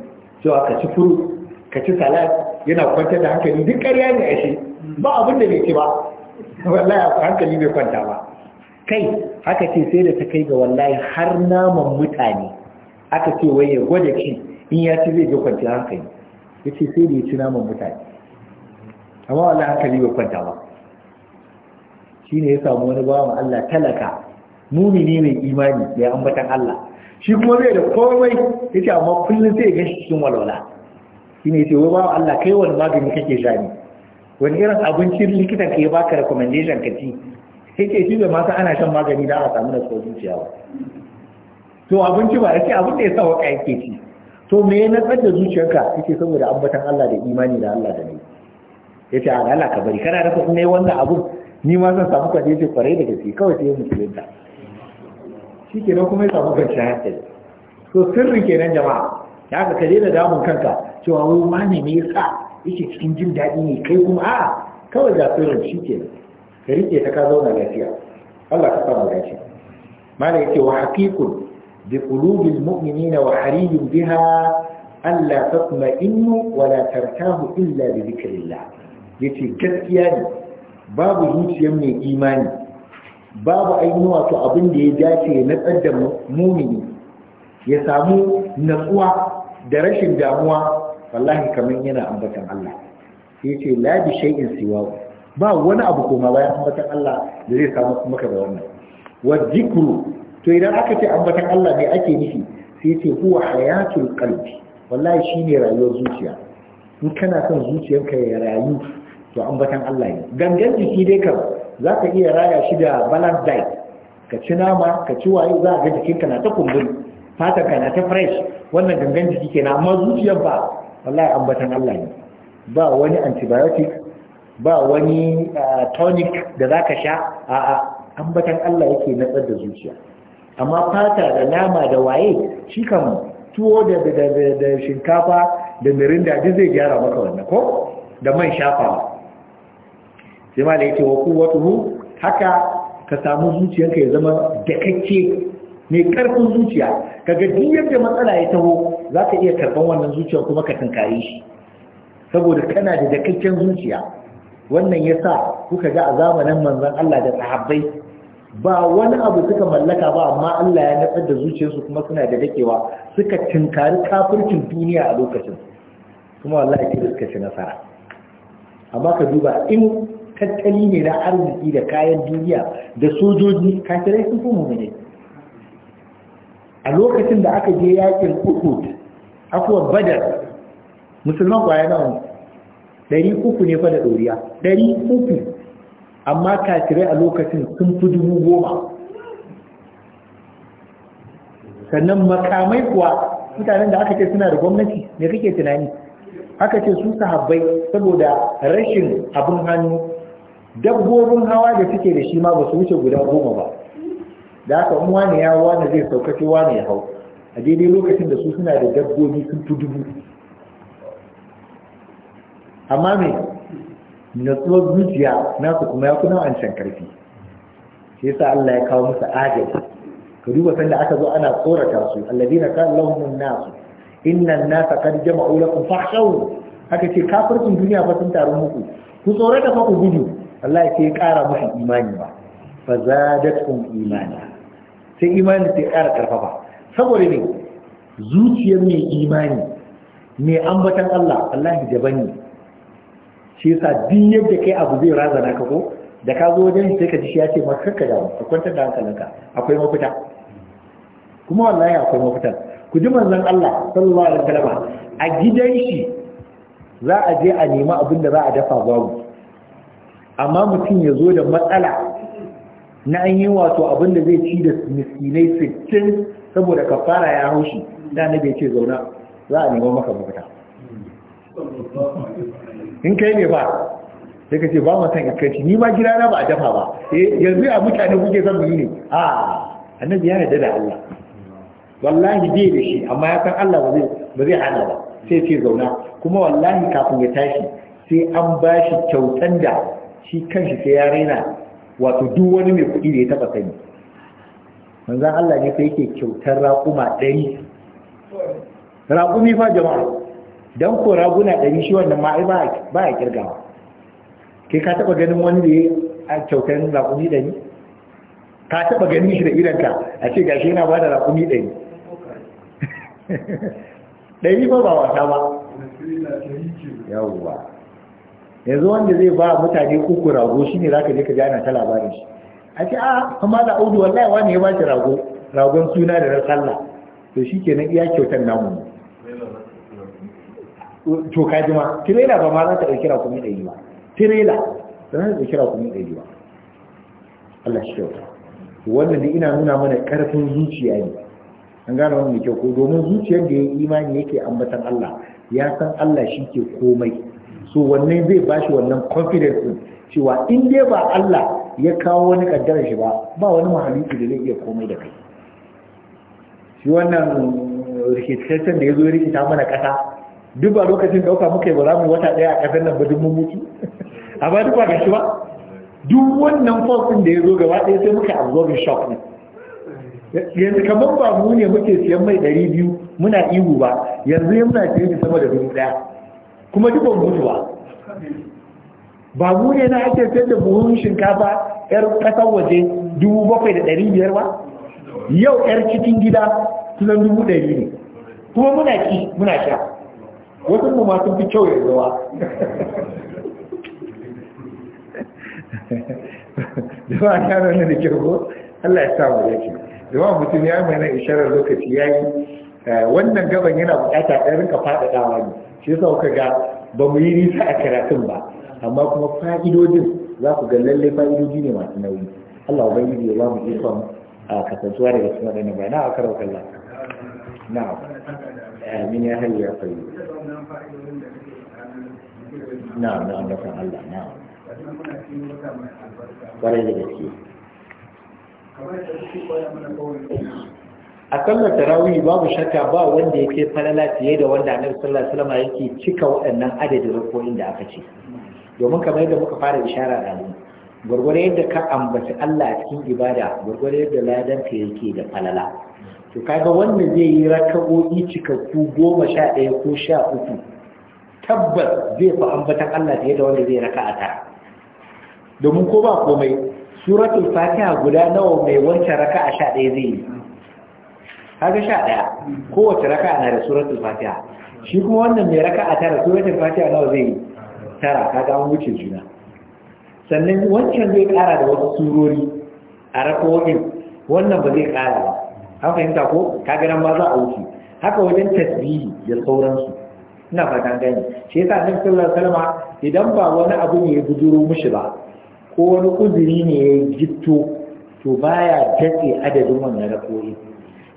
cewa ka ci furu ka ci salad yana kwantar da hankali duk ƙarya ne a shi ba abin da bai ci ba wallahi hankali bai kwanta ba kai haka ce sai da ta kai ga wallahi har naman mutane aka ce wai ya gwada ci in ya ci zai ga kwanciyar hankali ya ce sai da ya ci naman mutane amma wallahi hankali bai kwanta ba shi ne ya samu wani bawan Allah talaka mumini mai imani mai ambatan Allah shi kuma bai da komai ya ce amma kullum sai ya gashi cikin walwala shi ne ya ce wai bawan Allah kai wani magani kake sha ne wani irin abincin likitan ka ya baka recommendation ka ci sai ke shi da masu ana shan magani da aka samu na tsohon zuciya ba to abinci ba yake abin da ya sa ka yake ci to me ya natsar da zuciyarka yake saboda ambatan Allah da imani da Allah da ni yace a Allah ka bari kana da kuma wannan abun ni ma zan samu kwaje ce kwarai da gaske kawai sai musulunta shi ke nan kuma ya samu kwanci hankali to sirri kenan jama'a ya ka kare da damun kanka cewa wani ne me yasa yake cikin jin daɗi ne kai kuma a kawai jafirin shi ke ka riƙe ta ka zauna lafiya Allah ka samu dace mala yake wa haqiqun bi qulubil mu'minina wa hariyun biha alla tatma'innu wa la tartahu illa bi dhikrillah yace gaskiya ne babu zuciyar mai imani babu ainihin wato abin da ya dace na tsaddan mumini ya samu natsuwa da rashin damuwa wallahi kamar yana ambatan Allah sai ce la bi shay'in siwa ba wani abu koma bayan ambatan Allah da zai samu maka da wannan wa dhikru to idan aka ce ambatan Allah ne ake nufi sai ce huwa hayatul qalbi wallahi shine rayuwar zuciya in kana son zuciyarka ya rayu to ambatan Allah ne gangan jiki dai kan zaka iya raya shi da balance diet ka ci nama ka ci waye za ga jikinka na ta kumburi fata ka na ta fresh wannan gangan jiki kenan amma zuciyar ba wallahi ambatan Allah ne ba wani antibiotic ba wani tonic da zaka sha a'a ambatan Allah yake natsar da zuciya amma fata da nama da waye shi kan tuwo da da shinkafa da mirinda duk zai gyara maka wannan ko da man shafawa sai ma yake wa kuwatuhu haka ka samu zuciyarka ya zama dakakke mai karfin zuciya kaga duk yadda matsala ya taho za ka iya karɓar wannan zuciya kuma ka tunkare shi saboda kana da dakakken zuciya wannan ya sa kuka ga a zamanin manzan Allah da sahabbai ba wani abu suka mallaka ba amma Allah ya natsar da zuciyarsu kuma suna da dakewa suka tunkari kafircin duniya a lokacin kuma wallahi da suka ci nasara amma ka duba in tattali ne na arziki da kayan duniya da sojoji kafirai sun fi mummune a lokacin da aka je yakin uhud afuwa badar musulman kwaya nawa ɗari uku ne fa da ɗoriya ɗari uku amma kafirai a lokacin sun fi dubu goma sannan makamai kuwa mutanen da aka ce suna da gwamnati ne kake tunani aka ce su sahabbai saboda rashin abin hannu dabbobin hawa da suke da shi ma ba su wuce guda goma ba da aka in wani ya wani zai saukace wani ya hau a daidai lokacin da su suna da dabbobi sun fi dubu amma mai natsuwar zuciya nasu kuma ya fi an can karfi sai sa Allah ya kawo musu agaji ka duba sanda aka zo ana tsorata su alladina kan lahumun nasu innan nasa kan jama'u lakum fakhshaw Aka ce kafarkin duniya ba sun taru muku ku tsorata fa ku gudu Allah ya ce kara musu imani ba fa zadatkum imana sai imani sai kara karfafa saboda ne zuciyar mai imani mai ambatan Allah Allah daban ne shi yasa din yadda kai abu zai razana ka ko da ka zo wajen sai ka ji shi ya ce maka kakka da ka kwantar da hankalinka akwai mafita kuma wallahi akwai mafita ku ji manzon Allah sallallahu alaihi wasallam a gidan shi za a je a nemi abin da za a dafa babu amma mutum ya zo da matsala na an yi wato abin da zai ci da miskinai saboda kafara ya haushi da na bai ce zauna za a nemo maka mafita in kai ne ba sai ka ce ba mu san iskanci ni ma gida na ba a dafa ba Yanzu eh, yanzu a mutane kuke son mu yi ne a annabi ya yarda da Allah wallahi bai da shi amma ya san Allah ba zai ba zai hana ba sai ce zauna kuma wallahi kafin ya tashi sai an ba shi kyautan da shi kanshi sai ya raina wato duk wani mai kuɗi da ya taɓa sani manzan Allah ne sai yake kyautar raƙuma ɗari raƙumi fa jama'a don ko raguna ɗari shi wannan ma'i ba a ƙirgawa kai ka taɓa ganin wani da ya a kyautar raƙumi ɗari ka taɓa ganin shi da idanka a ce gashi yana ba da raƙumi ɗari ɗari ba ba wata ba yawwa yanzu wanda zai ba mutane uku rago shi ne za ka je ka ji ana ta labarin shi a ce a ah, amma da audu wallahi wani ya bashi rago ragon suna da na sallah to shi kenan iya kyautar namu to ka jima tirela ba ma za ta ɗauki rakumi ɗari ba tirela za ta ɗauki rakumi ɗari ba Allah shi kyauta wannan da ina nuna mana ƙarfin zuciya ne an gane wannan kyau ko domin zuciyar da ya imani yake ambatan Allah ya san Allah shi ke komai so wannan zai bashi wannan confidence cewa in dai ba Allah ya kawo wani kaddara shi ba ba wani mahalicci da zai iya komai da kai shi wannan rikitaccen da ya zo rikita mana kasa duk ba lokacin dauka muka yi ba za mu wata daya a kasar nan ba duk mun mutu ba duk ba ga shi ba duk wannan fosin da ya zo gaba ɗaya sai muka absorbing shock ne yanzu kamar ba mu ne muke siyan mai ɗari biyu muna ihu ba yanzu ya muna siyan sama da dubu ɗaya kuma duk ba mutu ba ba mu ne na ake sayar da buhun shinkafa yar kasar waje dubu bakwai da ɗari biyar ba yau yar cikin gida tunan dubu ɗari ne kuma muna ki muna sha wasu mu ma sun fi kyau ya zawa jama'a ta nan da kyau ko Allah ya sa mu da ba mutum ya mai na isharar lokaci yi. Eh, wannan gaban yana bukata ɗarin ka faɗaɗawa ne shi yasa kuka ga ba mu yi nisa a karatun ba amma kuma fa'idodin za ku ga lallai fa'idodi ne masu nauyi Allah ba yi ba mu ikon a kasantuwa daga cikin waɗannan Ba a karar kalla. na'am amin ya hayyu ya fayyu na na da Allah na kwarai da gaske a kallon tarawih babu shakka ba wanda yake falala fiye da wanda annabi sallallahu alaihi wasallam yake cika waɗannan adadin rukunin da aka ce domin kamar yadda muka fara ishara da ne gwargwado yadda ka ambaci Allah a cikin ibada gwargwado yadda ladan ka yake da falala to kaga wanda zai yi raka'o'i cikakku goma sha ɗaya ko sha uku tabbas zai fi ambatan Allah fiye da wanda zai raka'a tara domin ko ba komai suratul fatiha guda nawa mai wancan raka'a sha ɗaya zai yi kaga sha ɗaya kowace raka'a na da suratul fatiha shi kuma wannan mai raka'a tara suratul fatiha nawa zai yi tara ka ga wuce juna sannan wancan zai kara da wasu surori a rakowin wannan ba zai kara ba an fahimta ko ka nan ba za a wuce haka wajen tasbihi da sauransu ina fatan gani shi yasa annabi sallallahu alaihi idan ba wani abu ne ya buduro mushi ba ko wani uzuri ne ya gitto to baya tatse adadin wannan rakowin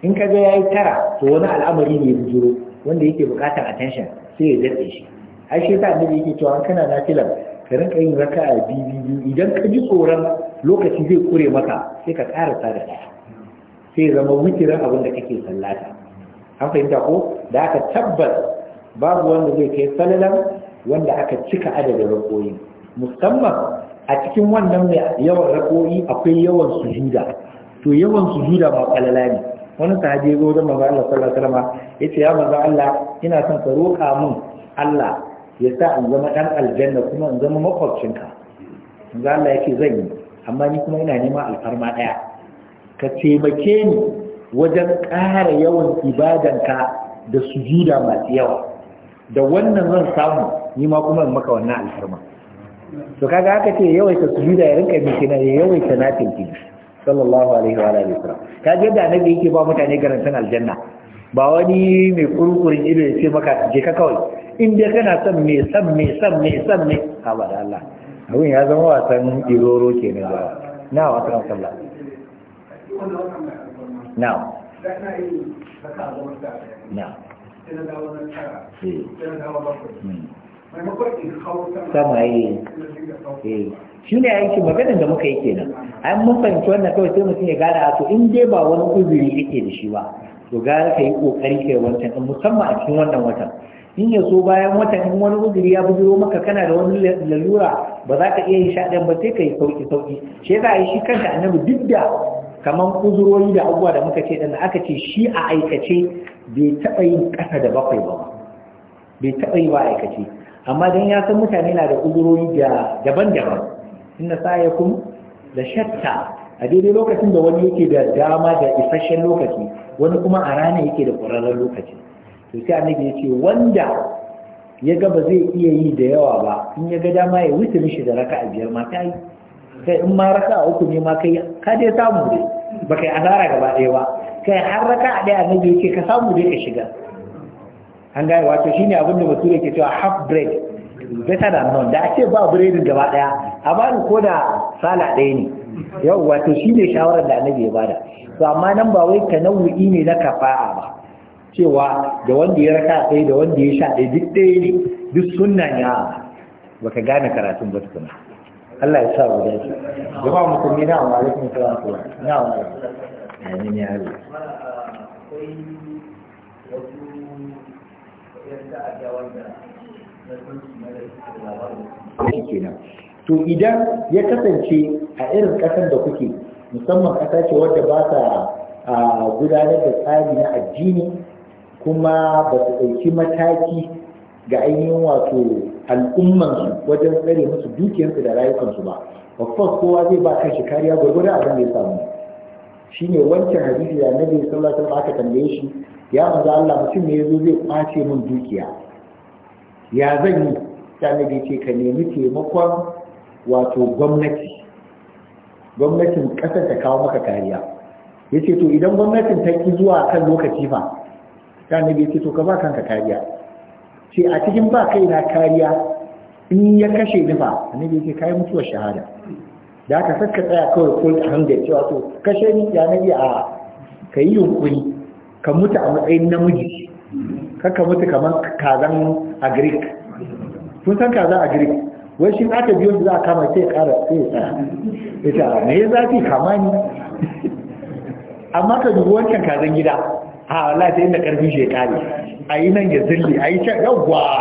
in ka ga yayi tara to wani al'amari ne ya buduro wanda yake bukatar attention sai ya datse shi ai shi ta annabi yake cewa kana nafila ka rinka yin a biyu idan ka ji tsoron lokaci zai kure maka sai ka sa da ɗaya sai zama wikirar abin da kake sallata an fahimta ko da aka tabbas babu wanda zai kai salalan wanda aka cika adadin rakoyi musamman a cikin wannan mai yawan rakoyi akwai yawan sujuda to yawan sujuda ba kalala ne wani sahabi ya zo wajen manzo Allah sallallahu alaihi wasallam yace ya manzo Allah ina son ka roƙa mun Allah ya sa in zama ɗan aljanna kuma in zama makwabcinka za Allah yake zan yi amma ni kuma ina neman alfarma ɗaya ka taimake ni wajen ƙara yawan ibadanka da sujuda masu yawa da wannan zan samu ni ma kuma in maka wannan alfarma to kaga aka ce yawaita sujuda ya rinka mai kina ya yawaita na tilki sallallahu alaihi wa alihi wasallam ji yadda annabi yake ba mutane garantin aljanna ba wani mai kurkurin ido ya ce maka je ka kawai in dai kana son me son me son me son me ha ba da Allah abin ya zama wasan iroro ke na jawa na wasu kan sallah na na eh. sama yi eh. eh. shi ne aiki maganin da muka yi kenan an mafanci wannan kawai sai mutum ya gane a to in dai ba wani kuzuri yake da shi ba to gara ka yi kokari ke wancan musamman a cikin wannan watan in ya so bayan watan in wani uzuri ya bujiro maka kana da wani lalura ba za ka iya yin shaɗan ba sai ka yi sauki sauki shi a yi shi kanta annabi duk da kamar uzurori da abubuwa da muka ce ɗan aka ce shi a aikace bai taɓa yin ƙasa da bakwai ba bai taɓa yi ba aikace amma dan ya san mutane na da uzurori da daban-daban inna sa'yakum la shatta a daidai lokacin da wani yake da dama da isasshen lokaci wani kuma a rana yake da ƙwararren lokaci to sai annabi ya ce wanda ya ga ba zai iya yi da yawa ba in ya ga dama ya wuce mishi da raka a biyar ma ta yi kai in ma raka a uku ne ma kai ka dai samu dai ba kai asara gaba ɗaya ba kai har raka a ɗaya annabi ya ce ka samu dai ka shiga an gaya wato shine abin da bature yake cewa half bread better than none da ake ba biredin gaba ɗaya a ni ko da sala ɗaya ne yau wato shine shawarar da annabi ya bada to amma nan ba wai tanawu'i ne na kafa'a ba cewa da wanda ya raka ɗaya da wanda ya sha ɗaya duk ɗaya ne duk sunna ne baka gane karatun ba tukuna Allah ya sa mu dace jama'a musulmi na wa alaikum salam wa na wa ne ya yi to idan ya kasance a irin ƙasar da kuke musamman ƙasa ce wadda ba ta ah, gudanar da tsari na addini kuma ba su ɗauki mataki ga ainihin wato al'ummansu wajen tsare musu dukiyarsu da rayukansu ba of course kowa zai ba kan shi kariya gwargwadon abin da ya samu Shi ne wancan hadisi da annabi sallallahu alaihi wasallam aka tambaye shi ya manzo Allah mutum ne yazo zai kwace min dukiya ya zan yi ta annabi ce ka nemi taimakon wato gwamnati gwamnatin kasar ta kawo maka kariya yace to idan gwamnatin ta ki zuwa kan lokaci fa ta annabi ya ce to ka ba kanka kariya ce a cikin ba kai na kariya in ya kashe nufa annabi ya ce kai mutuwar shahada da aka saka tsaya kawai a hangar cewa to kashe ni ya nabi a ka yi yunkuri ka mutu a matsayin namiji ka mutu kamar kazan a greek kun san kazan a greek wai shi aka biyo za a kama sai kara sai tsaya ita me ya zafi kama ni amma ka dubi wancan kazan gida a Allah ta inda karfin shi ya kare a yi nan ya zilli a yi can yawwa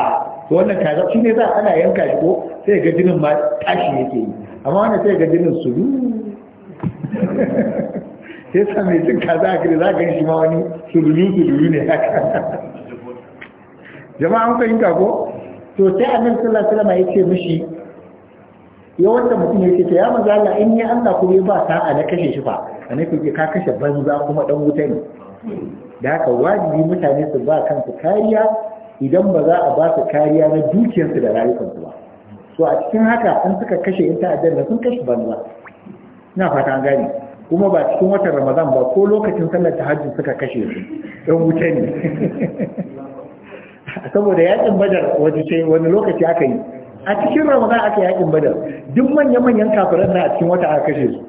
to wannan kaza shi ne za ana yanka shi ko sai ga jinin ma tashi yake yi amma wannan sai ga jinin su sai sa mai cin kaza a kare za gani shi ma wani sululu sululu ne haka jama'a an fahimta ko to sai annabi sallallahu alaihi wasallam ya ce mishi yawan da mutum ya ce ta ya maza Allah in ya Allah kuma ba sa'a na kashe shi fa annabi ke ka kashe banza kuma dan wuta ne da haka wajibi mutane su ba kansu kariya idan ba za a ba su kariya na dukiyarsu da rayukansu ba so a cikin haka an suka kashe in ta'addar da sun kashe banza ina fata an gane kuma ba cikin watan ramadan ba ko lokacin sallar tahajjud suka kashe su ɗan wuce ne saboda yakin badar wani sai wani lokaci aka yi a cikin ramadan aka yakin badar duk manya-manyan kafiran na a cikin wata aka kashe su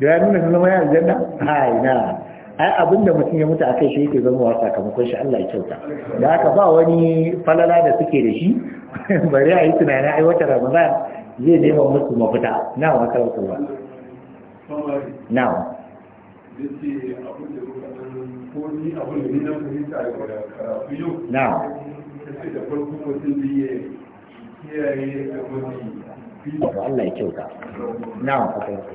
da ya nuna sun zama ya aljanna ha ina ai abin da mutum ya mutu a kai shi yake zama kamar sakamakon shi Allah ya kyauta da haka ba wani falala da suke da shi bari a yi tunanin ai wata ramadan zai nema musu mafita na wa karatu ba na na Allah ya kyauta na wa karatu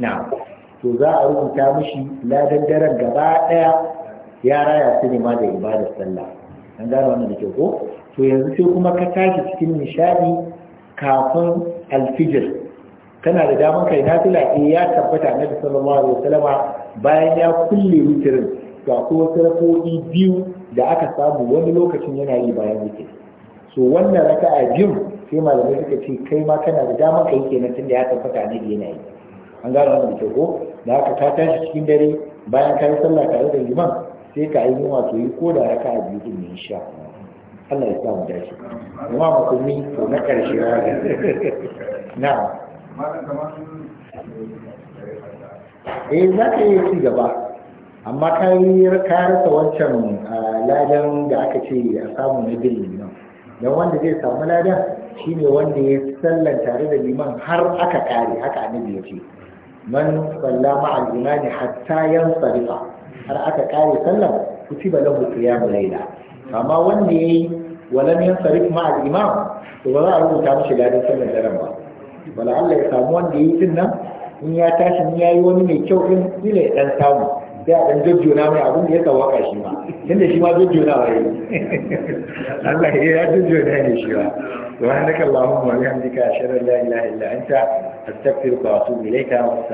na to za a rubuta mishi ladan daren gaba daya ya raya su ne ma da ibadar sallah an gano wannan da ke ko to yanzu sai kuma ka tashi cikin nishadi kafin alfijir kana da damar kai na nafila e ya tabbata da sallallahu alaihi wasallama bayan ya kulle witirin to akwai wasu biyu da aka samu wani lokacin yana yi bayan witiri so wannan raka'a biyu sai malamai suka ce kai ma kana da damar kai kenan tunda ya tabbata na yana yanayi. an gara wannan da ko da haka ka tashi cikin dare bayan ka yi sallah tare da liman sai ka yunwa to yi ko da raka a biyu din ne sha Allah ya sa mu dace amma mi to na karshe na eh za ka yi ci gaba amma ka yi rasa wancan ladan da aka ce a samu na bin liman don wanda zai samu ladan shine wanda ya sallan tare da liman har aka kare haka annabi ya ce man salla ma'a al-imani hatta yansarifa har aka kare sallar kutiba lahu qiyamu layla amma wanda yayi walam yansarif ma'a al to ba za a rubuta mishi ladan sallar daren ba wala Allah ya samu wanda yayi din in ya tashi in wani mai kyau samu sai a abin da ya tawaka shi ma tunda shi ma jojjona ba yi Allah ya jojjona ne shi ba subhanakallahumma wa bihamdika ashhadu an la ilaha illa anta astaghfiruka wa atubu ilayka